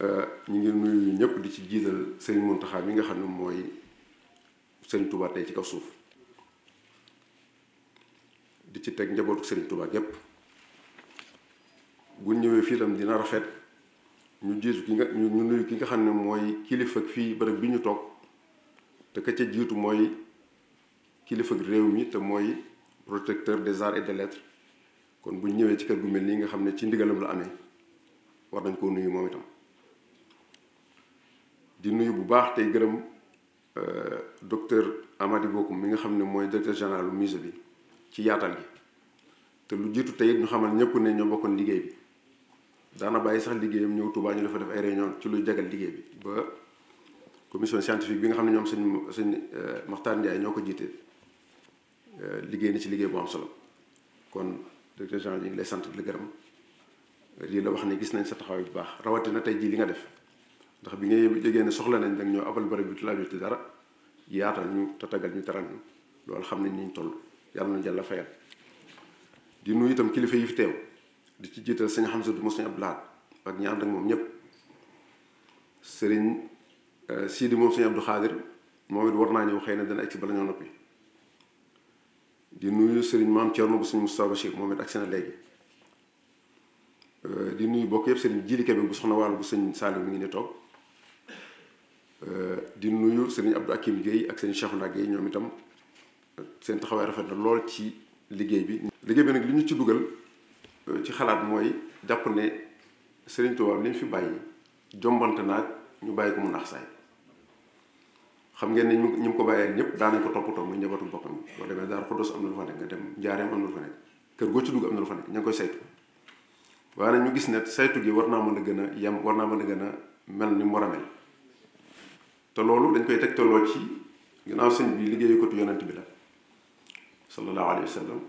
Euh, ñu ngi nuyu ñëpp di ci jiital seen Muntaxa mi nga xam ne mooy sëriñ Touba tey ci kaw suuf di ci teg njabootu sëriñ Touba gépp bu ñëwee fii tam dina rafet ñu jiitu ki nga ñu nuyu ki nga xam ne mooy kilifa fii bërëb bi ñu toog te ka jiitu mooy kilifa réew mi te mooy protecteur des arts et de lettres kon bu ñëwee ci kër gu mel nii nga xam ne ci ndigalam la amee war nañ koo nuyu moom itam. di nuyu bu baax tey gërëm euh, docteur Amady Bokoum mi nga xam ne mooy directeur général du musée bi ci yaatal gi te lu jiitu tey ñu xamal ñëpp ne ñoo bokkoon liggéey bi daana bàyyi sax liggéeyam ñëw Touba ñu dafa def ay réunion ci lu jagal liggéey bi ba commission scientifique bi nga xam ne ñoom sëñ sëñ euh, Maxtaar Ndiaye ñoo ko jiite euh, liggéey na ci liggéey boo am solo kon directeur général ñu ngi lay sant di la gërëm lii la wax ne gis nañ sa taxawaay bu baax rawatina tey jii li nga def ndax bi nga yëgee ne soxla nañ danga ñoo abal bari bi laajul ci dara yaatal ñu te tagal ñu taral ñu loolu xam ne niñ toll yàlla na jàll fayal di nuyu itam kilifa yi fi teew di ci jiital sëñ Hamza du sëñ Abdou Lahad ak moom ñëpp euh, Sidi moom sëñ Abdou Khadir it war naa ñëw xëy na dana egsi bala ñoo noppi di nuyu sëriñ maam Thierno bu sëñ Moustapha Bachir moom it agsi na léegi euh, di nuyu bokk yëpp sëriñ Jili Kebe bu soxna wàllu bu sëñ Saliou mi ngi ne toog Euh, di nuyu sëriñ Abdou Akim Guèye ak sëriñ Cheikhouna Guèye ñoom itam seen taxawaay rafet na lool ci liggéey bi. liggéey bi nag li ñu ci dugal euh, ci xalaat mooy jàpp ne sëriñ Tuubaa li ñu fi bàyyi jombante naag ñu bàyyi ko mu naax saay xam ngeen ne ñu ñu ko bàyyee ñëpp daanañ ko toppatoo muy njabootu boppam boo demee Daaru Xuddoos am na lu fa nekk nga dem Njaareem am na lu fa nekk kër goo ci dugg am na lu fa nekk ña ngi koy saytu waaye nag ñu gis ne saytu gi war naa mën a gën a yem war naa mën a gën a mel ni mu war a mel te loolu dañ koy tegtaloo ci ginnaaw sëñ bi liggéeykatu yonent bi la sallallahu alayhi wa sallam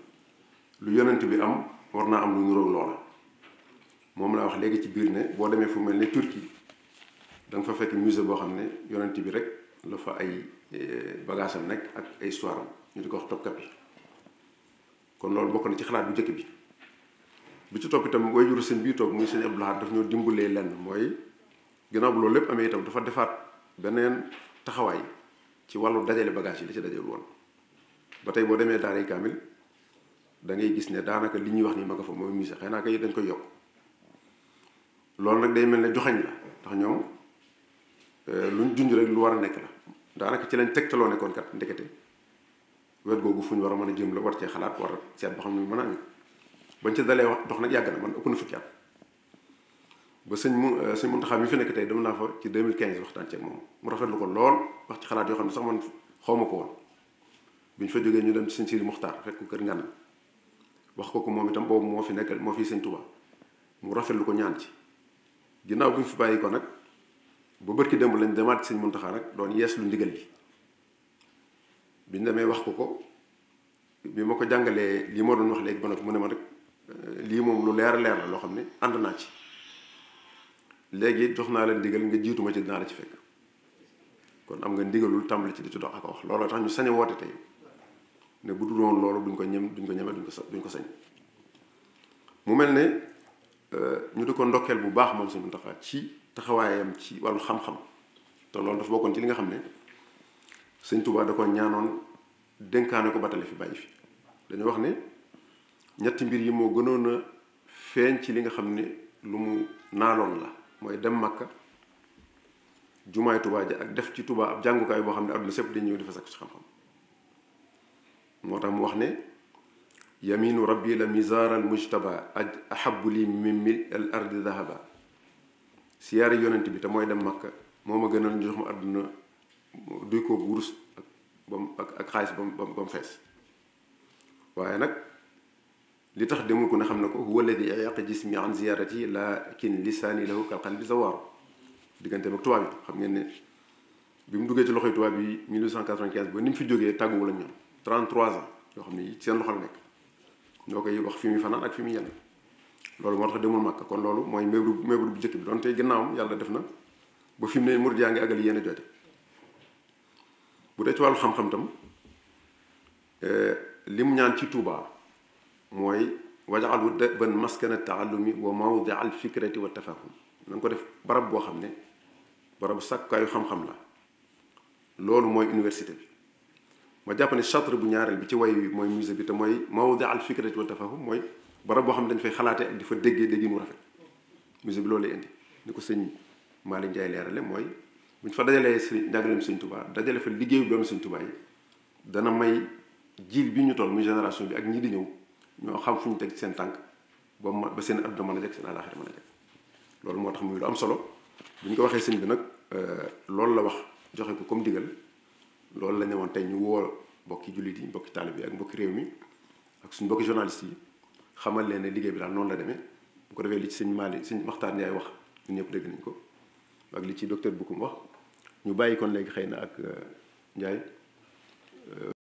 lu yonent bi am war naa am lu niroog loola moom laa wax léegi ci biir ne boo demee fu mel ni Turquie da nga fa fekk musée boo xam ne yonent bi rek la fa ay eh, bagage am nekk ak ay histoire am ñu di ko wax Topkapi kon loolu bokk na ci xalaat bu njëkk bi bu ci topp itam way juru sëñ bii toog muy sëñ Abdou Lahad daf ñoo dimbalee lenn mooy ginnaaw bu loolu lépp amee itam dafa defaat beneen taxawaay ci wàllu dajale bagage yi da ci dajale woon ba tey boo demee daaray kaamil da gis ne daanaka li ñuy wax nii ma nga fa mooy musée xëy naa kay dañ koy yokk loolu nag day mel ne joxañ ndax ñoom euh, luñ junj rek lu war a nekk la ci lañ tegtaloo nekkoon kat ndekete wet googu fu ñu war a mën a jëm la war cee xalaat war a seet ba xam ne mën a bañ ca dalee wax dox nag yàgg na man ëpp na fukki at ba sëñ mu euh, sëñ Muntaxa mi fi nekk tey dem naa fa ci 2015 waxtaan ceeg moom mu rafetlu ko lool wax ci xalaat yoo xam ne sax man xaw ma ko woon bi ñu fa jógee ñu dem ci sëñ Sidi Muxtaar fekk ko kër Ngana wax ko ko moom itam boobu moo fi nekkal moo fi sëñ Tuubaa mu rafetlu ko ñaan ci ginnaaw bi mu fi bàyyi ko nag ba ki démb lañ demaat ci sëñ Muntaxa nag doon yees lu ndigal li biñ demee wax ko ko bi ma ko jàngalee lii moo doon wax léegi ba nag mu ne ma rek euh, lii moom lu leer leer la loo xam ne ànd naa ci léegi jox naa leen ndigal nga jiituma ci dinaa la ci fekk kon am nga ndigalul tàmbali ci di ci dox ak wax looloo tax ñu sañ woote tey ne bu dul woon loolu duñ ko ñem duñ ko ñeme duñ ko sa duñ ko sañ mu mel ne euh, ñu di ko ndokkeel bu baax moom suñu Muntaxa ci taxawaayam ci wàllu xam-xam te loolu dafa bokkoon ci li nga xam ne sëñ Tuubaa da ko ñaanoon dénkaane ko batale fi bàyyi fi dañu wax ne ñetti mbir yi moo gënoon a feeñ ci li nga xam ne lu mu naaloon la mooy dem Makka jumaay Touba ji ak def ci Touba ab jàngukaay boo xam ne àdduna sépp dañuy ñëw dafa sakku ci xam-xam moo tax mu wax ne yaminu rabbi la mizaaral mujtaba aj ahabu li min mil al ardi dahaba siyaari yonent bi te mooy dem Makka moo ma gën ñu jox ma àdduna duy ko wurus ak bam ak ak xaalis bam bam fees waaye nag li tax demul ko ne xam na ko huwa alladi yaq jismi an ziyarati lakin lisaani lahu kal qalbi zawaaru digganteem ak tubaab yi xam ngeen ne bi mu duggee ci loxoy tubaab yi 1895 ba ni mu fi jógee tàgguwul ak ñoom 33 ans xam ne ci loxo la nekk ñoo koy wax fi muy fanaan ak fi muy yenn loolu moo tax demul màkk kon loolu mooy mébru mébru bu jëkk bi doon tey gannaawam yàlla def na ba fi mu ne murid yaa ngi àggali yenn joote bu dee ci wàllu xam-xam tam eh, lim ñaan ci tuubaa mooy wajaxal ban maskana taallumi wa mawdi al fikrati wa tafahum na nga ko def barab boo xam ne barabu sàkkaayu xam-xam la loolu mooy université bi ma jàpp ne chatre bu ñaareel bi ci way mooy musée bi te mooy mawdi al fikrati wa tafahum mooy barab boo xam ne dañ fay xalaatee di fa déggee déggin wu rafet musée bi loolu lay indi ni ko sëñ Maali Njaay leerale mooy buñ fa dajalee sëñ njàngaleem sëñ Tuubaa dajale fa liggéeyu doomu sëñ Tuubaa dana may jiil bi ñu toll muy génération bi ak ñi di ñëw ñoo xam fu ñu teg seen tànk ba ma seen adduna man a jag seen àllaaxira mën a jag loolu moo tax muy lu am solo bu ñu ko waxee sëñ bi nag euh, loolu la wax joxe ko comme digal loolu la ne woon tey ñu woo mbokki jullit yi mbokki taalib yi ak mbokki réew mi ak suñ mbokki journaliste yi xamal leen ne liggéey bi daal noonu la demee bu ko defee li ci sëñ Malick sëñ Maxtaar Ndiaye wax ñun ñëpp dégg nañ ko ak li ci docteur Boukoum wax ñu bàyyi kon léegi xëy na ak euh, njaay